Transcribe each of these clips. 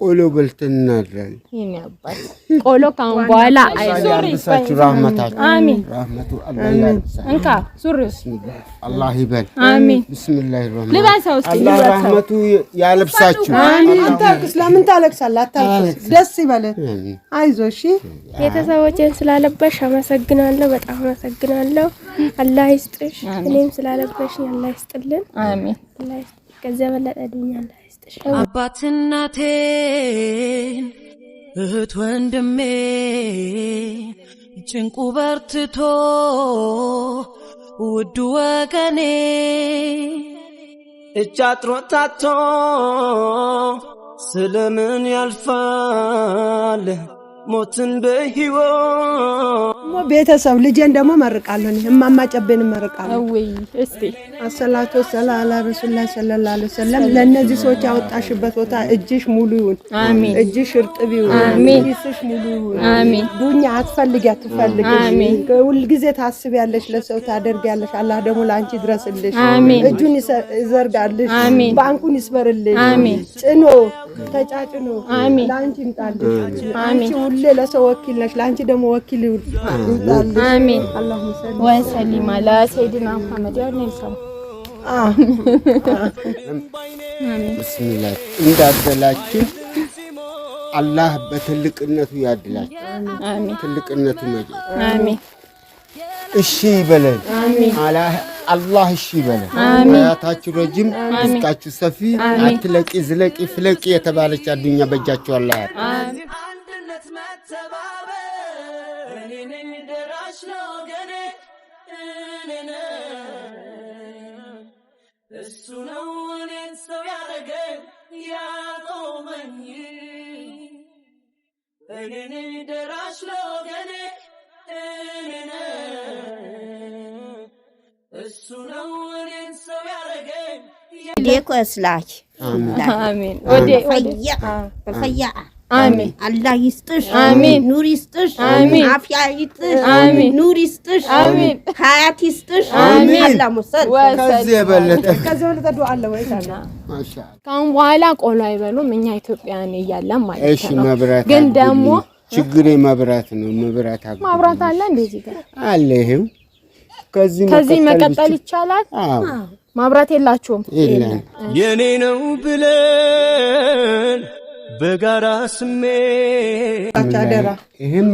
ቆሎ በልተን ቆሎ ካሁን በኋላ ያልብሳችሁ ራህመታችሁ አላህ ያልብሳችሁ። እንካ ሱሪስ አላህ ይበል። አሚን። ብስሚላህ ራህመቱ ለምን ታለቅሳለህ? ደስ ይበል። እሺ ስላለበሽ አመሰግናለሁ። በጣም አመሰግናለሁ። አላህ ይስጥሽ። እኔም ስላለበሽ አላህ ይስጥልን። አሚን። ከዚያ በለጠ ድኛለሁ አባት እናቴን እህት ወንድሜ ጭንቁ በርትቶ ውዱ ወገኔ እጅ አጥሮ ታቶ ስለምን ያልፋል ሞትን በህይወት ቤተሰብ ልጄን ደግሞ መርቃለሁ። እማማ ጨቤን መርቃለሁ። እስቲ አሰላቱ ወሰላ አላ ረሱላ ሰለላ ለ ሰለም። ለእነዚህ ሰዎች ያወጣሽበት ቦታ እጅሽ ሙሉ ይሁን፣ እጅሽ እርጥብ ይሁን፣ ኪስሽ ሙሉ ይሁን። ዱኛ አትፈልጊ አትፈልጊ። ሁልጊዜ ታስቢያለሽ፣ ለሰው ታደርጊያለሽ። አላህ ደግሞ ለአንቺ ድረስልሽ፣ እጁን ይዘርጋልሽ፣ ባንኩን ይስበርልሽ ጭኖ ተጫጭኖ ለአንቺ ይምጣልሽ። ሁሌ ለሰው ወኪል ነሽ፣ ለአንቺ ደግሞ ወኪል ይምጣልሽ። አላህ በትልቅነቱ ያድላችሁ። ትልቅነቱ መጀ እሺ ይበለን። አላህ እሺ ይበለ። አያታችሁ ረጅም እስቃችሁ ሰፊ አትለቂ፣ ዝለቂ፣ ፍለቂ የተባለች አዱኛ በእጃችሁ አላህ እሱ ነው እኔን ሰው ያረገኝ ያቆመኝ እኔን ደራሽ ለወገኔ እኔ እሱ ነው እኔን ሰው ፈያ አላህ ይስጥሽ፣ አሚን። ኑር ይስጥሽ፣ አሚን። አፍያ ይስጥሽ፣ ኑር ይስጥሽ፣ ሀያት ይስጥሽ፣ አላህ ሙሰል ከዚህ የበለጠ ከዚህ የበለጠ አለ ወይ? ካሁን በኋላ ቆሎ አይበሉም። እኛ ኢትዮጵያን እያለን ማለት ነው። እሺ መብራት ግን ደግሞ ችግሬ መብራት ነው። መብራት አለ። ጋር አለ ይሄው ከዚህ መቀጠል ይቻላል። ማብራት የላችሁም። የኔ ነው ብለን በጋራ ስሜ አደራ ይህም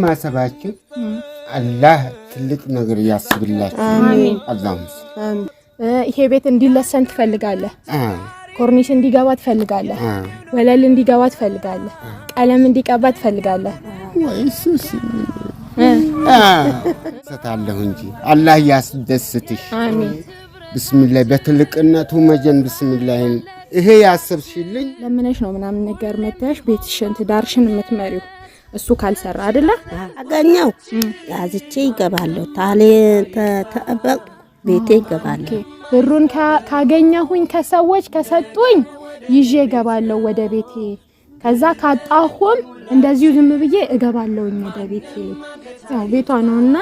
አላህ ትልቅ ነገር ያስብላችሁ። ይሄ ቤት እንዲለሰን ትፈልጋለህ። ኮርኒስ እንዲገባ ትፈልጋለህ። ወለል እንዲገባ ትፈልጋለህ። ቀለም እንዲቀባ ትፈልጋለህ። ሰታለሁ እንጂ አላህ ያስደስትሽ። ብስሚላይ በትልቅነቱ መጀን ብስሚላይን ይሄ ያሰብሽልኝ ለምነሽ ነው ምናምን ነገር መታሽ ቤትሽን ትዳርሽን የምትመሪው እሱ ካልሰራ አይደለ አገኘው ያዝቼ ይገባለሁ። ታሌ ተጠበቅ ቤቴ ይገባለሁ። ብሩን ካገኘሁኝ ከሰዎች ከሰጡኝ ይዤ እገባለሁ ወደ ቤቴ። ከዛ ካጣሁም እንደዚሁ ዝም ብዬ እገባለሁኝ ወደ ቤቴ። ቤቷ ነው እና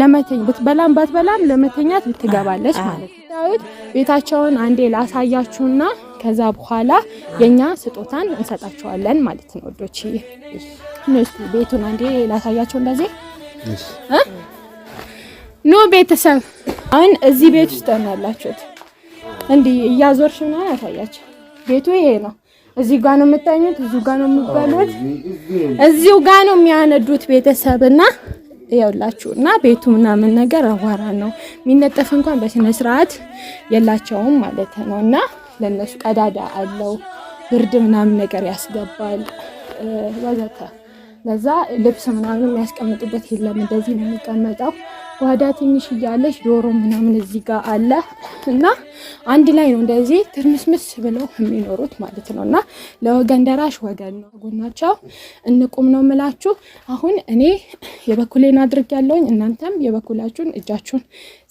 ለመተኝ ብትበላም ባትበላም ለመተኛት ትገባለች ማለት ነው። ቤታቸውን አንዴ ላሳያችሁና ከዛ በኋላ የኛ ስጦታን እንሰጣቸዋለን ማለት ነው። ወዶች እነሱ ቤቱን አንዴ ላሳያቸው እንደዚህ ኑ ቤተሰብ። አሁን እዚህ ቤት ውስጥ ነው ያላችሁት። እንዲህ እያዞርሽ ምናምን ያሳያቸው ቤቱ ይሄ ነው። እዚህ ጋር ነው የምታኙት፣ እዚሁ ጋር ነው የሚባሉት፣ እዚሁ ጋር ነው የሚያነዱት ቤተሰብ እና ያውላችሁ እና ቤቱ ምናምን ነገር አቧራ ነው የሚነጠፍ እንኳን በስነ ስርዓት የላቸውም ማለት ነው። እና ለነሱ ቀዳዳ አለው ብርድ ምናምን ነገር ያስገባል ወዘተ። ለዛ ልብስ ምናምን የሚያስቀምጡበት የለም፣ እንደዚህ ነው የሚቀመጠው። ዋዳ ትንሽ እያለች ዶሮ ምናምን እዚህ ጋር አለ እና አንድ ላይ ነው እንደዚህ ትርምስምስ ብለው የሚኖሩት ማለት ነው። እና ለወገን ደራሽ ወገን ነው ጎናቸው እንቁም ነው ምላችሁ። አሁን እኔ የበኩሌን አድርግ ያለውኝ እናንተም የበኩላችሁን እጃችሁን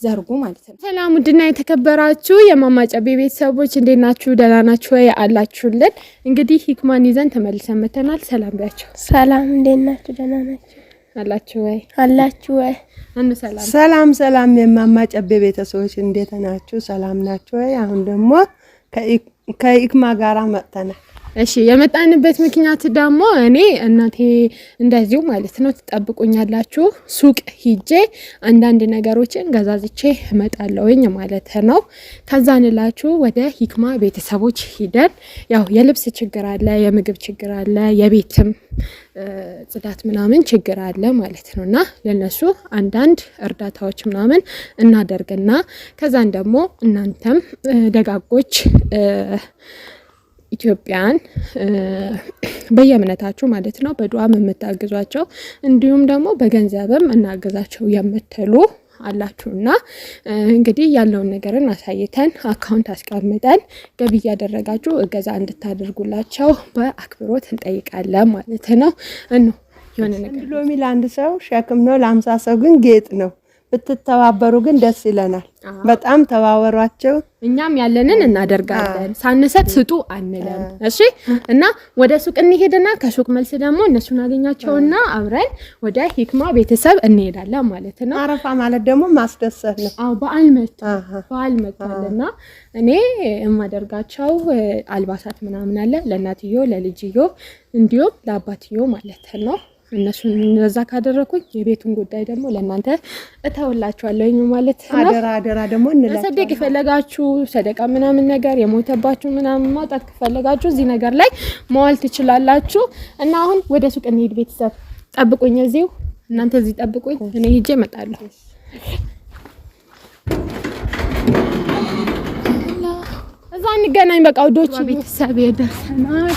ዘርጉ ማለት ነው። ሰላም ውድና የተከበራችሁ የማማጨቤ ቤተሰቦች እንዴት ናችሁ? ደህና ናችሁ ወይ? አላችሁልን? እንግዲህ ሂክማን ይዘን ተመልሰን መተናል። ሰላም ቢያቸው። ሰላም እንዴት ናችሁ? ደህና ናችሁ? አላችሁ ወይ? አላችሁ ወይ? ሰላም ሰላም ሰላም፣ የማማ ጨቤ ቤተሰቦች እንዴት ናችሁ? ሰላም ናችሁ ወይ? አሁን ደግሞ ከኢክማ ጋራ መጥተናል። እሺ የመጣንበት ምክንያት ደግሞ እኔ እናቴ እንደዚሁ ማለት ነው ትጠብቁኛላችሁ። ሱቅ ሂጄ አንዳንድ ነገሮችን ገዛዝቼ እመጣለውኝ ማለት ነው። ከዛ ወደ ሂክማ ቤተሰቦች ሂደን ያው የልብስ ችግር አለ፣ የምግብ ችግር አለ፣ የቤትም ጽዳት ምናምን ችግር አለ ማለት ነው። እና ለነሱ አንዳንድ እርዳታዎች ምናምን እናደርግና ከዛን ደግሞ እናንተም ደጋጎች ኢትዮጵያን በየእምነታችሁ ማለት ነው በዱዓም የምታግዟቸው እንዲሁም ደግሞ በገንዘብም እናግዛቸው የምትሉ አላችሁና እንግዲህ ያለውን ነገርን አሳይተን አካውንት አስቀምጠን ገቢ እያደረጋችሁ እገዛ እንድታደርጉላቸው በአክብሮት እንጠይቃለን ማለት ነው። እኖ የሆነ ነገር ሎሚ ለአንድ ሰው ሸክም ነው፣ ለአምሳ ሰው ግን ጌጥ ነው። ብትተባበሩ ግን ደስ ይለናል። በጣም ተባበሯቸው። እኛም ያለንን እናደርጋለን። ሳንሰጥ ስጡ አንለም። እሺ። እና ወደ ሱቅ እንሄድና ከሱቅ መልስ ደግሞ እነሱ እናገኛቸውና አብረን ወደ ሂክማ ቤተሰብ እንሄዳለን ማለት ነው። አረፋ ማለት ደግሞ ማስደሰት ነው። አዎ፣ በዓል መጣ፣ በዓል እኔ የማደርጋቸው አልባሳት ምናምን አለ ለእናትዮ ለልጅዮ እንዲሁም ለአባትዮ ማለት ነው እነሱን እነዛ ካደረኩኝ የቤቱን ጉዳይ ደግሞ ለእናንተ እተውላችኋለሁኝ ማለት አደራ አደራ ደግሞ እንላሰደቅ የፈለጋችሁ ሰደቃ ምናምን ነገር የሞተባችሁ ምናምን ማውጣት ከፈለጋችሁ እዚህ ነገር ላይ መዋል ትችላላችሁ። እና አሁን ወደ ሱቅ እንሄድ። ቤተሰብ ጠብቁኝ፣ እዚሁ እናንተ እዚህ ጠብቁኝ፣ እኔ ሂጄ እመጣለሁ። እዛ እንገናኝ። በቃ ውዶች ቤተሰብ የደርሰናል።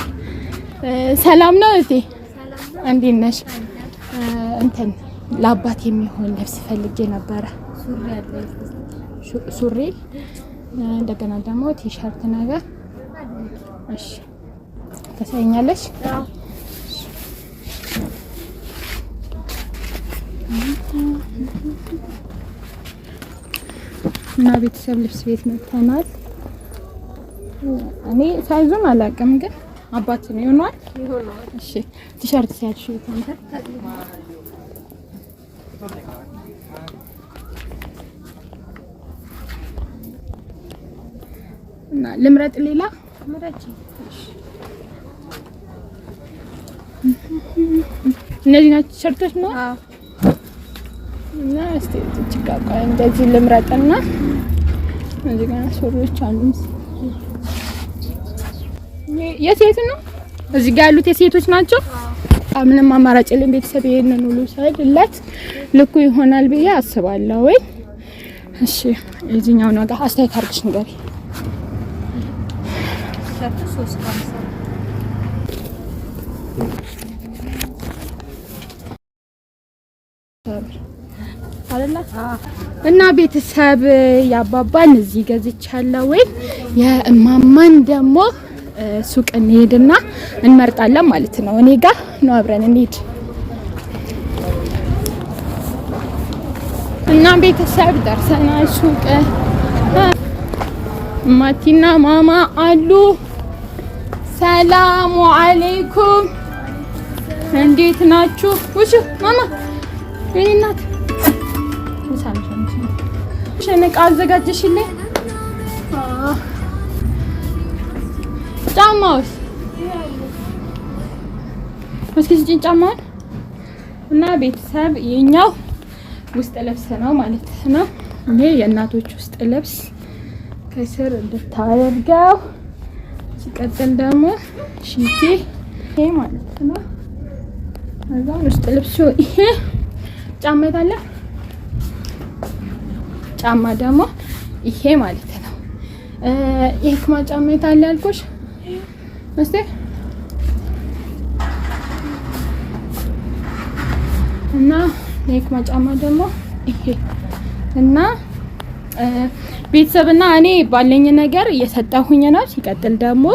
ሰላም ነው እዚህ እንዴት ነሽ? እንትን ለአባት የሚሆን ልብስ ፈልጌ ነበረ። ሱሪ፣ እንደገና ደግሞ ቲሸርት ነገር። እሺ እና ቤተሰብ ልብስ ቤት መጥተናል። እኔ ሳይዙን አላውቅም ግን አባት ነው ይሆናል። እሺ ቲሸርት ሲያልሽ ይታንተ እና ልምረጥ፣ ሌላ ምረጭ። እነዚህ ናቸው ቲሸርቶች ነው። እና እስቲ እንደዚህ ልምረጥና እዚህ ጋር ሱሪዎች አሉ። የሴት ነው። እዚህ ጋር ያሉት የሴቶች ናቸው። ምንም አማራጭ የለም። ቤተሰብ ይሄንን ሁሉ ሳይድላት ልኩ ይሆናል ብዬ አስባለሁ። ወይ እሺ፣ የዚህኛውን ዋጋ አስተያየት አድርግሽ ንገሪ። እና ቤተሰብ ያባባን እዚህ ገዝቻለሁ ወይ የእማማን ደግሞ ሱቅ እንሄድና እንመርጣለን ማለት ነው። እኔ ጋር ነው አብረን እንሄድ እና ቤተሰብ ደርሰናል። ሱቅ እማቲና ማማ አሉ። ሰላሙ አለይኩም እንዴት ናችሁ? ውሽ ማማ ይናት ሸነቃ አዘጋጀሽልኝ? ጫማውስ እስኪ ስጭኝ እና ቤተሰብ የኛው ውስጥ ልብስ ነው ማለት ነው። ይሄ የእናቶች ውስጥ ልብስ ከስር እንድታደርገው ሲቀጥል ደግሞ ሽቲ ይሄ ማለት ነው። እዛ ውስጥ ልብሱ ይሄ ጫማ የታለ ጫማ ደግሞ ይሄ ማለት ነው። የህክማ ጫማ የታለ ያልኩሽ እስቲ እና የሂክማ ጫማ ደግሞ ይሄ እና ቤተሰብና እኔ ባለኝ ነገር እየሰጠሁኝ ነው። ሲቀጥል ደግሞ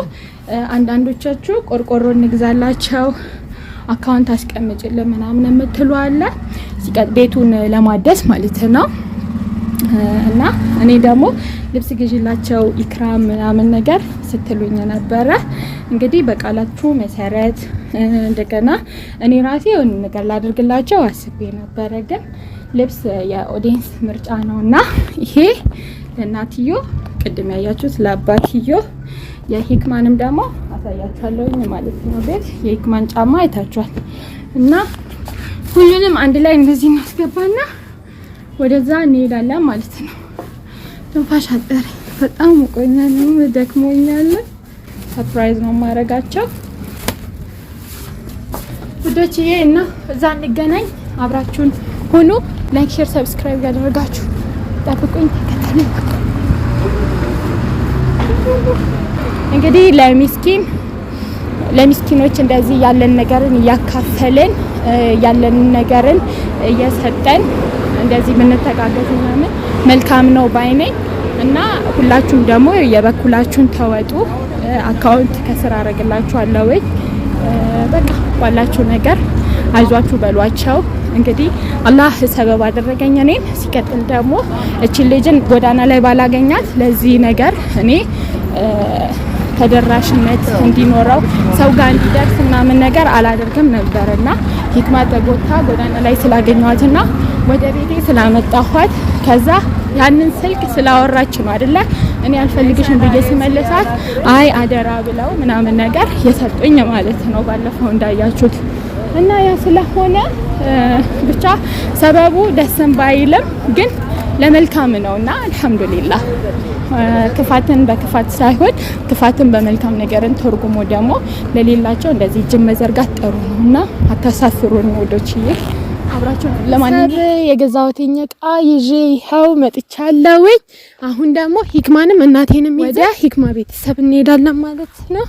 አንዳንዶቻችሁ ቆርቆሮ እንግዛላቸው አካውንት አስቀምጭልን ምናምን የምትሉ አለ። ቤቱን ለማደስ ማለት ነው እና እኔ ደግሞ ልብስ ግዢላቸው ኢክራም ምናምን ነገር ስትሉኝ ነበረ። እንግዲህ በቃላችሁ መሰረት እንደገና እኔ ራሴ የሆነ ነገር ላደርግላቸው አስቤ ነበረ፣ ግን ልብስ የኦዲየንስ ምርጫ ነው እና ይሄ ለእናትዮ ቅድም ያያችሁት ለአባትዮ የሂክማንም ደግሞ አሳያችኋለሁኝ ማለት ነው። ቤት የሂክማን ጫማ አይታችኋል እና ሁሉንም አንድ ላይ እንደዚህ እናስገባና ወደዛ እንሄዳለን ማለት ነው። ንፋሽ አጠረ። በጣም ሙቆኛል፣ ደክሞኛል። ሰርፕራይዝ ነው ማረጋቸው ውዶችዬ እና እዛ እንገናኝ። አብራችሁን ሁኑ። ላይክ፣ ሼር፣ ሰብስክራይብ ያደረጋችሁ ጠብቁኝ። ከተለኝ እንግዲህ ለሚስኪን ለሚስኪኖች እንደዚህ ያለን ነገርን እያካፈልን ያለን ነገርን እየሰጠን እንደዚህ ብንተጋገዝ ምናምን መልካም ነው ባይኔ። እና ሁላችሁም ደግሞ የበኩላችሁን ተወጡ። አካውንት ከስር አረግላችኋለሁ። በቃ ባላችሁ ነገር አይዟችሁ በሏቸው። እንግዲህ አላህ ሰበብ አደረገኝ እኔን። ሲቀጥል ደግሞ እችን ልጅን ጎዳና ላይ ባላገኛት ለዚህ ነገር እኔ ተደራሽነት እንዲኖረው ሰው ጋር እንዲደርስ ምናምን ነገር አላደርግም ነበር እና ሂክማ ተጎታ ጎዳና ላይ ስላገኘኋትና ወደ ቤቴ ስላመጣኋት ከዛ ያንን ስልክ ስላወራች ነው አይደለ እኔ አልፈልግሽም ብዬ ስመለሳት አይ አደራ ብለው ምናምን ነገር የሰጡኝ ማለት ነው ባለፈው እንዳያችሁት እና ያ ስለሆነ ብቻ ሰበቡ ደስም ባይልም ግን ለመልካም ነው እና አልሐምዱሊላህ ክፋትን በክፋት ሳይሆን ክፋትን በመልካም ነገርን ተርጉሞ ደግሞ ለሌላቸው እንደዚህ እጅ መዘርጋት ጥሩ ነው እና አታሳፍሩን ውዶችዬ አብራችሁ ለማንኛውም የገዛሁትኝ ዕቃ ይዤ ይኸው መጥቻለሁ። አሁን ደግሞ ሂክማንም እናቴንም ወደ ሂክማ ቤተሰብ እንሄዳለን ማለት ነው።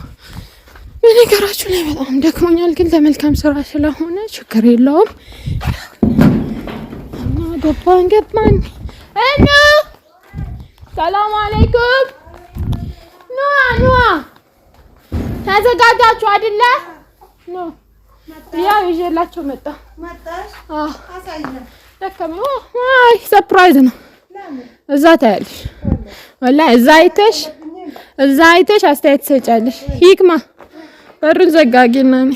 በነገራችሁ ላይ በጣም ደክሞኛል፣ ግን ለመልካም ስራ ስለሆነ ችግር የለውም። እና ገባን ገባን እና ሰላም አለይኩም ኑዋ ኑዋ ተዘጋጃችሁ አይደለ? ያው ይዤላቸው መጣ። ደከመኝ። አይ ሰርፕራይዝ ነው። እዛ ታያለሽ። ወላሂ እዛ አይተሽ እዛ አይተሽ አስተያየት ትሰጫለሽ። ሂክማ በሩን ዘጋጊና እኔ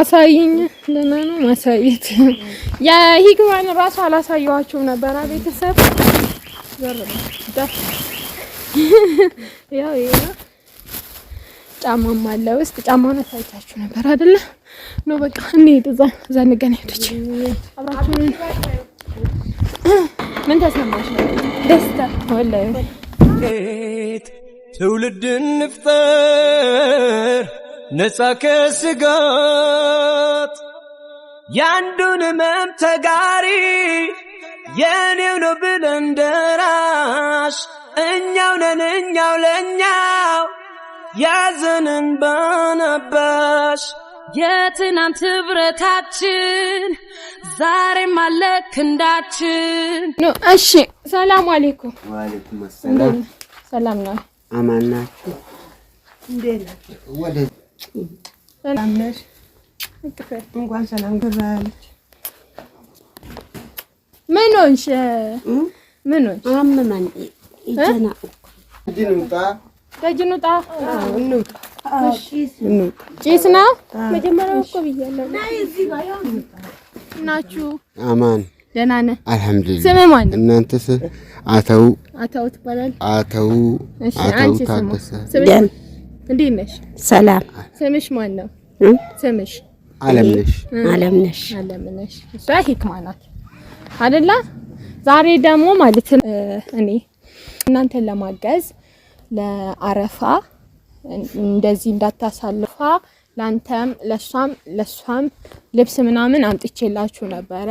አሳይኝ። ደህና ነው ማሳየት። የሂክማን እራሱ አላሳየኋችሁም ነበረ ቤተሰብ ጫማም አለ ውስጥ ጫማ ነው ታይታችሁ ነበር አይደለ? ነው በቃ እንሂድ፣ እዛ እዛ እንገናኝቶች አብራችሁን። ምን ተሰማሽ? ደስታ ወላሂ። ትውልድን እንፍጠር ነፃ ከስጋት ያንዱን ህመም ተጋሪ የኔው ነው ብለን ደራሽ እኛው ነን እኛው ለእኛው ያዘንን በነበሽ የትናንት ህብረታችን ዛሬም አለ ክንዳችን። እሺ፣ ሰላም አለይኩም። ወአለይኩም ሰላም። ሰላም ነው። አማን ናችሁ? እንዴት ናችሁ? ወደ ሰላም ነሽ? እንኳን ሰላም ምን ሆንሽ? ምን ሆንሽ? አመመኝ። ይጀና ደጅ እንውጣ ጭስ ነው መጀመሪያው እኮ ብያለሁ። ናችሁ አማን ደህና ነህ? አልሐምዱሊላህ። ስምህ ማን ነው? እናንተስ? አተው አተው ትባላለህ? አተው አተው ታደሰ። እንዴት ነሽ? ሰላም። ስምሽ ማን ነው? ስምሽ አለምነሽ። አለምነሽ አለምነሽ። እሷ ሂክማ ናት አይደለ? ዛሬ ደግሞ ማለት እኔ እናንተን ለማገዝ ለአረፋ እንደዚህ እንዳታሳልፋ ላንተም ለሷም ለሷም ልብስ ምናምን አምጥቼላችሁ ነበረ።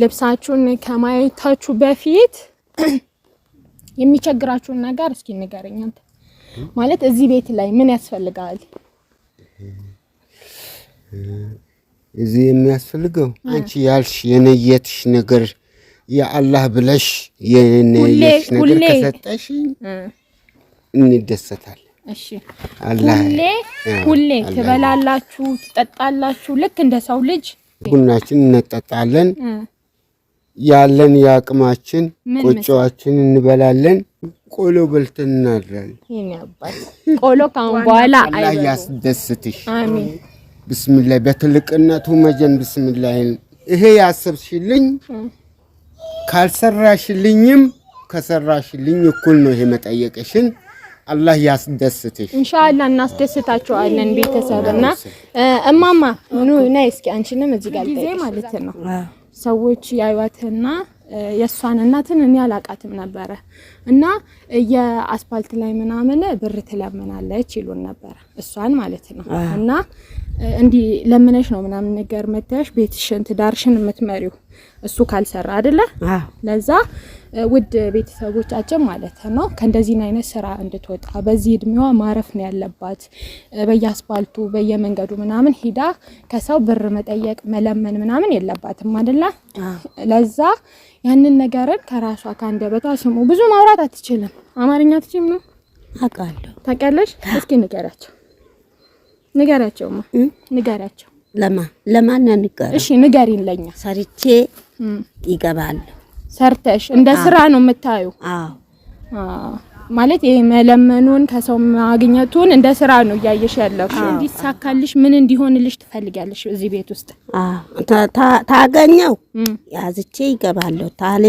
ልብሳችሁን ከማየታችሁ በፊት የሚቸግራችሁን ነገር እስኪ ንገረኝ። አንተ ማለት እዚህ ቤት ላይ ምን ያስፈልጋል? እዚህ የሚያስፈልገው አንቺ ያልሽ የነየትሽ ነገር የአላህ ብለሽ የነየትሽ ነገር ከሰጠሽ እንደሰታለን። ሁሌ ሁሌ ትበላላችሁ፣ ትጠጣላችሁ ልክ እንደ ሰው ልጅ ቡናችን እንጠጣለን። ያለን የአቅማችን ቆጮዋችን እንበላለን። ቆሎ በልተን እናድራለን። ቆሎ ካሁን በኋላ ያስደስትሽ። አሜን። ብስሚላህ በትልቅነቱ መጀን ብስሚላህን ይሄ ያሰብሽልኝ ካልሰራሽልኝም ከሰራሽልኝ እኩል ነው ይሄ መጠየቅሽን አላህ ያስደስትሽ። ኢንሻአላህ እናስደስታችኋለን ቤተሰብ እና እማማ ኑ ነይ እስኪ አንቺንም እዚህ ጋር ጊዜ ማለት ነው ሰዎች ያዩዋትና የእሷን እናትን እኔ አላቃትም ነበረ እና የአስፓልት ላይ ምናምን ብር ትለምናለች ይሉን ነበረ እሷን ማለት ነው እና እንዲህ ለምነሽ ነው ምናምን ነገር መታየሽ ቤትሽን ትዳርሽን የምትመሪው እሱ ካልሰራ አይደለ ለዛ ውድ ቤተሰቦቻችን ማለት ነው ከእንደዚህን አይነት ስራ እንድትወጣ በዚህ እድሜዋ ማረፍ ነው ያለባት። በየአስፓልቱ በየመንገዱ ምናምን ሂዳ ከሰው ብር መጠየቅ መለመን ምናምን የለባትም አይደላ? ለዛ ያንን ነገርን ከራሷ ከአንደበቷ ስሙ። ብዙ ማውራት አትችልም። አማርኛ ትችም ነው አውቃለሁ። ታውቂያለሽ? እስኪ ንገሪያቸው፣ ንገሪያቸውማ፣ ንገሪያቸው። ለማ ለማን ንገሪ? እሺ ንገሪን፣ ለኛ ሰርቼ ይገባል ሰርተሽ እንደ ስራ ነው የምታዩ። ማለት ይሄ መለመኑን ከሰው ማግኘቱን እንደ ስራ ነው እያየሽ ያለው። እንዲሳካልሽ ምን እንዲሆንልሽ ትፈልጊያለሽ? እዚህ ቤት ውስጥ ታገኘው ያዝቼ ይገባለሁ። ታሌ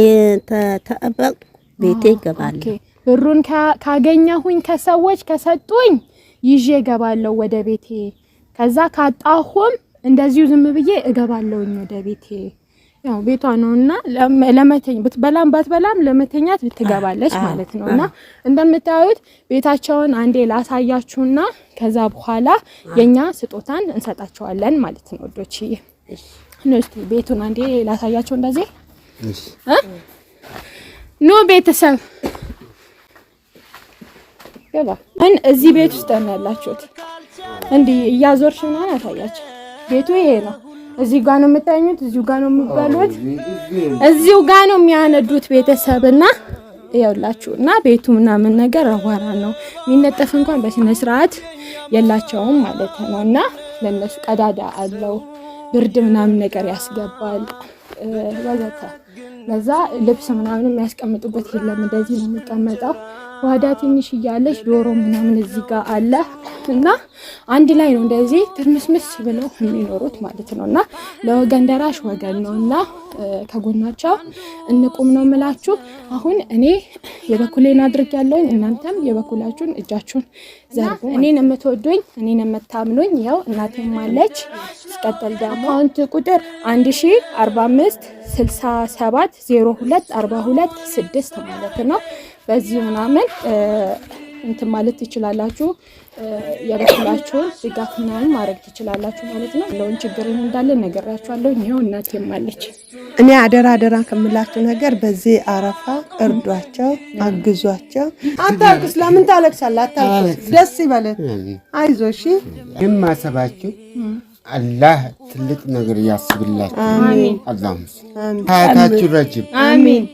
ተጠበቅ ቤቴ ይገባለሁ። ብሩን ካገኘሁኝ ከሰዎች ከሰጡኝ ይዤ እገባለሁ ወደ ቤቴ። ከዛ ካጣሁም እንደዚሁ ዝም ብዬ እገባለሁኝ ወደ ቤቴ ያው ቤቷ ነውና ለመተኝ ብትበላም ባትበላም ለመተኛት ትገባለች ማለት ነውና እንደምታዩት ቤታቸውን አንዴ ላሳያችሁና ከዛ በኋላ የኛ ስጦታን እንሰጣቸዋለን ማለት ነው። ወዶች እስቲ ቤቱን አንዴ ላሳያችሁ እንደዚህ ኑ ቤተሰብ ገባ አን እዚህ ቤት ውስጥ ነው ያላችሁት። እንዲህ እያዞርሽ ምናምን አሳያችሁ። ቤቱ ይሄ ነው። እዚህ ጋር ነው የምታኙት፣ እዚሁ ጋር ነው የሚበሉት፣ እዚሁ ጋር ነው የሚያነዱት ቤተሰብና ያውላችሁ እና ቤቱ ምናምን ነገር አቧራ ነው የሚነጠፍ እንኳን በስነ ስርዓት የላቸውም ማለት ነው። እና ለነሱ ቀዳዳ አለው ብርድ ምናምን ነገር ያስገባል ወዘተ ለዛ ልብስ ምናምን የሚያስቀምጡበት የለም። እንደዚህ ነው የሚቀመጠው። ዋዳ ትንሽ እያለች ዶሮ ምናምን እዚህ ጋር አለ እና አንድ ላይ ነው እንደዚህ ትርምስምስ ብለው የሚኖሩት ማለት ነው። እና ለወገን ደራሽ ወገን ነው እና ከጎናቸው እንቁም ነው የምላችሁ። አሁን እኔ የበኩሌን አድርግ ያለውኝ እናንተም የበኩላችሁን እጃችሁን ዘርጉ እኔን የምትወዱኝ እኔን የምታምኑኝ ያው እናቴም አለች። ሲቀጥል ደግሞ አካውንት ቁጥር 1 67 02 ሁለት 6 ማለት ነው። በዚህ ምናምን እንትን ማለት ትችላላችሁ። የበኩላችሁን ድጋፍ ምናምን ማድረግ ትችላላችሁ ማለት ነው። ለውን ችግር እንዳለ ነገራችኋለሁ። ይኸው እናት የማለች እኔ አደራ አደራ ከምላችሁ ነገር በዚህ አረፋ እርዷቸው፣ አግዟቸው። አታልቅስ። ለምን ታለቅሳለ? አታልቅስ። ደስ ይበለ፣ አይዞ እሺ። የማሰባችሁ አላህ ትልቅ ነገር ያስብላችሁ። አላም ሀያታችሁ ረጅም አሚን።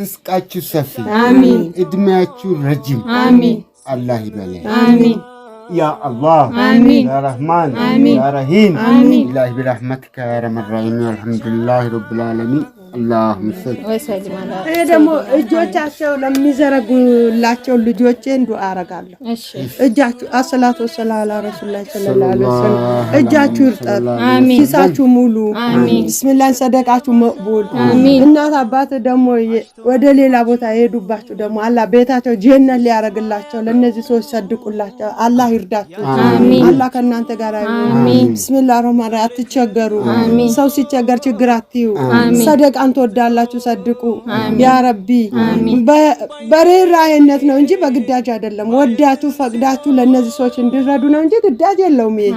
ርስቃችሁ ሰፊ አሚን። እድሜያችሁ ረጅም አሚን። አላህ ይበላል አሚን። يا الله آمين يا رحمن آمين يا رحيم آمين الله برحمتك يا رب الرحيم الحمد لله رب العالمين ይሄ ደግሞ እጆቻቸው ለሚዘረጉላቸው ልጆቼን ዱአ አረጋለሁ። እጃችሁ አሰላቱ ወሰላም አላ እጃችሁ ይርጠት፣ ኪሳችሁ ሙሉ፣ ብስሚላህ ሰደቃችሁ መቅቡል። እናት አባት ደግሞ ወደ ሌላ ቦታ የሄዱባችሁ ደግሞ አላህ ቤታቸው ጀነት ሊያረግላቸው ለእነዚህ ሰዎች ሰድቁላቸው። አላህ ይርዳችሁ። አላህ ከእናንተ ጋር ይሁን። ብስሚላህ አትቸገሩ። ሰው ሲቸገር ችግር አትዩ። ሰደቃ በጣም ትወዳላችሁ። ሰድቁ ያ ረቢ። በርህራሄነት ነው እንጂ በግዳጅ አይደለም። ወዳችሁ ፈቅዳችሁ ለእነዚህ ሰዎች እንዲረዱ ነው እንጂ ግዳጅ የለውም። ይሄ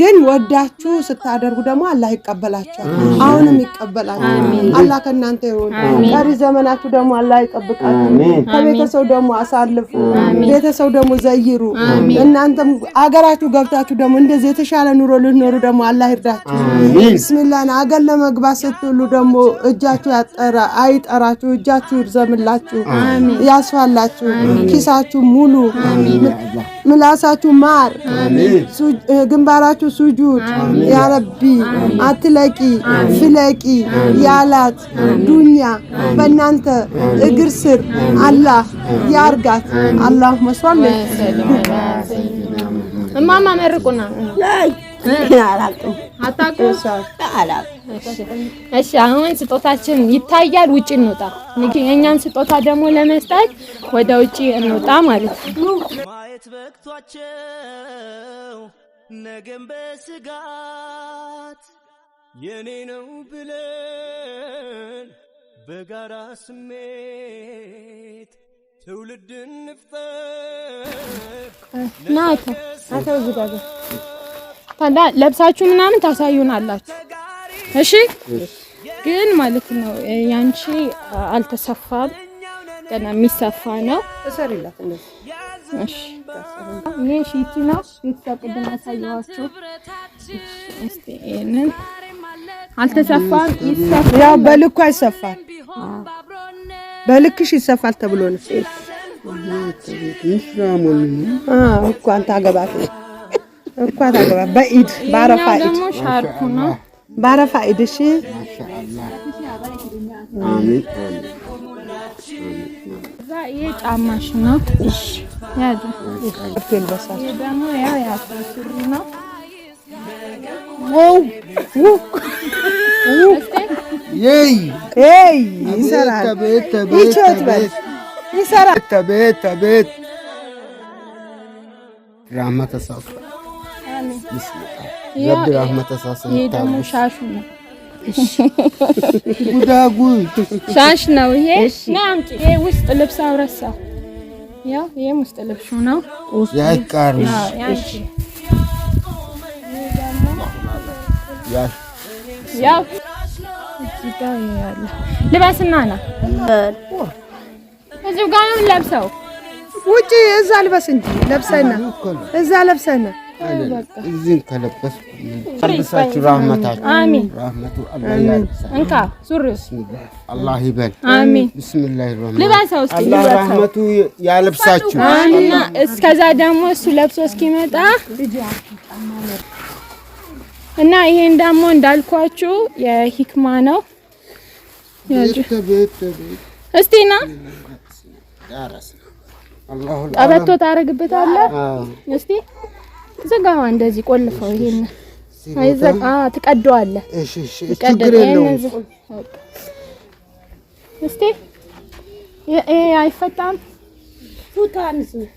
ግን ወዳችሁ ስታደርጉ ደግሞ አላህ ይቀበላቸዋል። አሁንም ይቀበላቸዋል። አላህ ከእናንተ ይሆን። ቀሪ ዘመናችሁ ደግሞ አላህ ይጠብቃችሁ። ከቤተሰብ ደግሞ አሳልፉ። ቤተሰብ ደግሞ ዘይሩ። እናንተም አገራችሁ ገብታችሁ ደግሞ እንደዚህ የተሻለ ኑሮ ልትኖሩ ደግሞ አላህ ይርዳችሁ። ብስሚላን አገር ለመግባት ስትሉ ደግሞ እጅ እጃችሁ ያጠራ አይጠራችሁ፣ እጃችሁ ይርዘምላችሁ፣ ያስፋላችሁ፣ ኪሳችሁ ሙሉ፣ ምላሳችሁ ማር፣ ግንባራችሁ ሱጁድ። ያረቢ አትለቂ ፍለቂ ያላት ዱንያ በእናንተ እግር ስር አላህ ያርጋት። አላሁመ ሷሊ እማማ መርቁና እሺ አሁን ስጦታችን ይታያል። ውጭ እንውጣ። የእኛን ስጦታ ደግሞ ለመስጠት ወደ ውጭ እንውጣ ማለት ነው። ማየት በቅቷቸው ነገም በስጋት የኔ ነው ብለን በጋራ ስሜት ትውልድን ንፍጠር ለብሳችሁ ምናምን ታሳዩናላችሁ። እሺ ግን ማለት ነው ያንቺ አልተሰፋም፣ ገና የሚሰፋ ነው። እሰሪላት እንደዚህ እሺ። ይሄ ሺቲ ነው ቤተሰብ ቅድም ያሳየኋቸው። እስቲ ይሄንን አልተሰፋም፣ ይሰፋል። ያው በልኩ አይሰፋል፣ በልክሽ ይሰፋል ተብሎ ነው። እሺ እኮ አንተ አገባት ነው እኮ አታገባም። በኢድ በአረፋ ኢድ ሻርኩ ነው። በአረፋ ኢድ እሺ። ይሄ ጫማሽ ነው። እሺ ያዙ። ይሄ ደግሞ ያው ያፈሱሪ ነው። ይሰራል። ይሰራል። ተቤት ይሄ ደግሞ ሻሹ ነው። ጉዳጉድ ሻሽ ነው። ይሄ ይሄ ውስጥ ልብስ አውረሳ ያው ይሄም ውስጥ ልብሱ ነው። ያይቃር ያው ልበስና ና እዚሁ ጋር ነው ውጪ እዛ ልበስ እንጂ ለብሰና እዛ ለብሰና እዚህን ከለበስኩ ቀልብሳችሁ ራህመታችሁ ራህመቱ እንካ ሱሪስ አላህ ይበል። አሚን። ብስሚላህ እስኪ አላህ ራህመቱ ያለብሳችሁ እና እስከዛ ደግሞ እሱ ለብሶ እስኪመጣ እና ይሄን ደግሞ እንዳልኳችሁ የሂክማ ነው። እስቲ ና ቀበቶ ታደርግበታለህ እስቲ ዘጋዋ እንደዚህ ቆልፈው ይሄን አይዘጋ ትቀደዋለህ። እሺ እሺ፣ ችግር የለውም። እስቲ ይሄ አይፈታም። ፉታንስ ችግር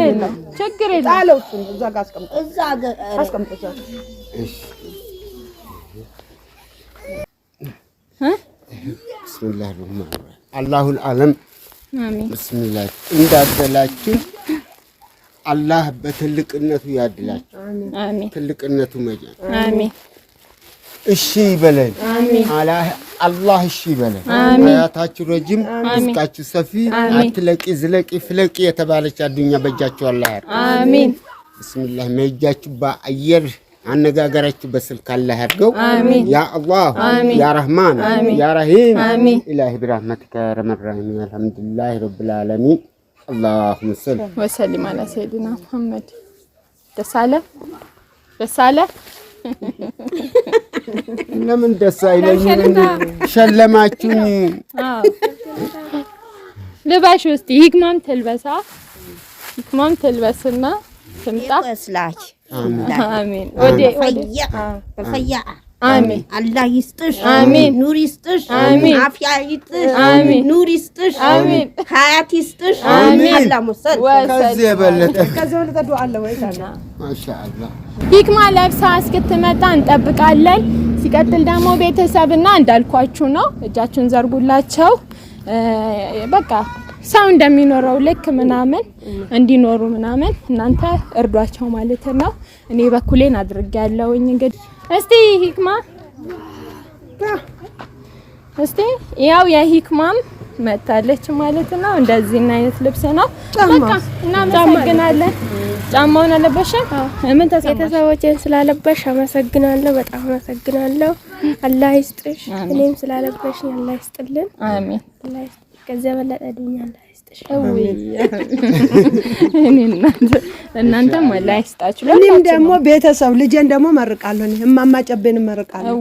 የለውም። ችግር የለውም። እዛ ጋር አስቀምጥ፣ እዛ ጋር አስቀምጦ እሺ እ ቢስሚላህ አላሁል አለም ብስሚላ እንዳደላችሁ አላህ በትልቅነቱ ያድላችሁ። ትልቅነቱ መጃ እሺ ይበለን። አላህ እሺ ይበለን። አያታችሁ ረጅም እስካችሁ ሰፊ አትለቂ፣ ዝለቂ፣ ፍለቂ የተባለች አዱኛ በእጃችሁ አላህ። አሜን። ብስሚላህ መጃችሁ በአየር አነጋገራችሁበት ስልክ አላህ ያድርገው። ያ አላህ ያ ረህማን ያ ረሂም ኢላሂ ብራህመትከ ረህማን ረሂም አልሐምዱሊላሂ ረብል ዓለሚን አላሁመ ሰል ወሰሊም አላ ሰይድና ሙሐመድ። ደስ አለ ደስ አለ። ለምን ደስ አይለኝም? ሸለማችሁኝ። ልባሽ ውስጥ ይግማም ትልበሳ ይግማም ትልበስና ትምጣ አሜን። አላህ ይስጥሽ። አሜን። ኑር ይስጥሽ። አሜን። አፍያ ይስጥሽ። አሜን። ኑር ይስጥሽ። አሜን። ሀያት ይስጥሽ። አሜን። አላህ ሙሰል ከዚህ የበለጠ ከዚህ የበለጠ ዱዓ አለ ወይ? ማሻአላህ ሂክማ ለብሳ እስክትመጣ እንጠብቃለን። ሲቀጥል ደግሞ ቤተሰብና እንዳልኳችሁ ነው። እጃችሁን ዘርጉላቸው በቃ ሰው እንደሚኖረው ልክ ምናምን እንዲኖሩ ምናምን እናንተ እርዷቸው ማለት ነው። እኔ በኩሌን ያለውኝ እንግዲህ እስቲ ሂክማ እስቲ ያው የሂክማም መታለች ማለት ነው። እንደዚህ አይነት ልብስ ነው በቃ እናመሰግናለን። ጫማውን አለበሽ? ምን ተሰማሽ? ቤተሰቦቼን ስላለበሽ አመሰግናለሁ። በጣም አመሰግናለሁ። አላህ ይስጥሽ። እኔም ስላለበሽ አላህ ይስጥልን። አሜን። ከዚያ በለጠ ድኛለች። እናንተም ላይስጣችሁ። እኔም ደግሞ ቤተሰብ ልጄን ደግሞ መርቃለሁ፣ እማማ ጨቤን መርቃለሁ።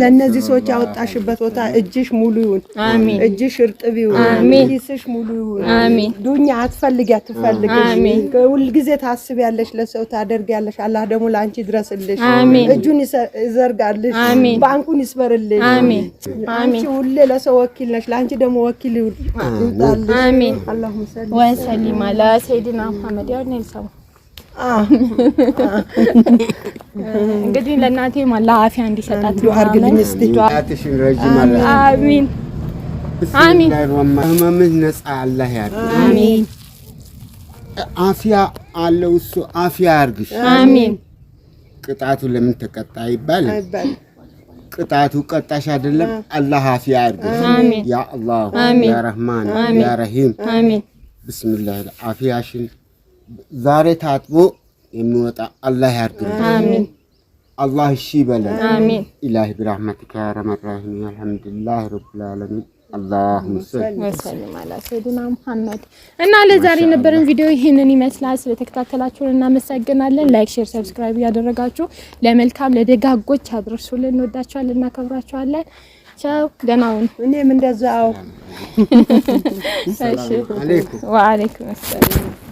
ለእነዚህ ሰዎች ያወጣሽበት ቦታ እጅሽ ሙሉ ይሁን፣ እጅሽ እርጥብ ይሁን፣ ኪስሽ ሙሉ ይሁን። ዱኛ አትፈልጊ አትፈልግሽ፣ ሁልጊዜ ታስቢያለሽ፣ ለሰው ታደርጊያለሽ። አላህ ደግሞ ለአንቺ እጁን ይዘርጋልሽ፣ ባንኩን ይስበርልሽ። አንቺ ሁሌ ለሰው ወኪል ነሽ፣ ለአንቺ ደግሞ ወኪል ይውጣልሽ። ወሰሊም አላ ሰይድና መሐመድ ያው ነው ሰው እንግዲህ ለእናቴም አላህ አፊያ እንዲሰጣት አሚን አሚን። ነጻ አላህ አፊያ አለው እሱ አፊያ ያድርግሽ። አሚን። ቅጣቱ ለምን ተቀጣ ይባል ቅጣቱ ቀጣሽ አይደለም። አላህ አፊያ አድርጎ ያ አላሁ ያ ረህማን ያ ረሂም ብስምላህ አፊያሽን ዛሬ ታጥቦ የሚወጣ አላህ ያድርግልን። አላህ እሺ ይበለን። ኢላሂ ብራህመቲከ ያ አርሐመር ራሒም ወሰልም አላ ሰይድና ሙሐመድ እና ለዛሬ የነበረን ቪዲዮ ይህንን ይመስላል። ስለተከታተላችሁን እናመሰግናለን። ላይክ፣ ሼር፣ ሰብስክራይብ እያደረጋችሁ ለመልካም ለደጋጎች አድርሱልን። እንወዳችኋለን፣ እናከብራችኋለን። ቻው፣ ደህና ሁኑ። እኔም እንደዛው። ወአለይኩም ሰላም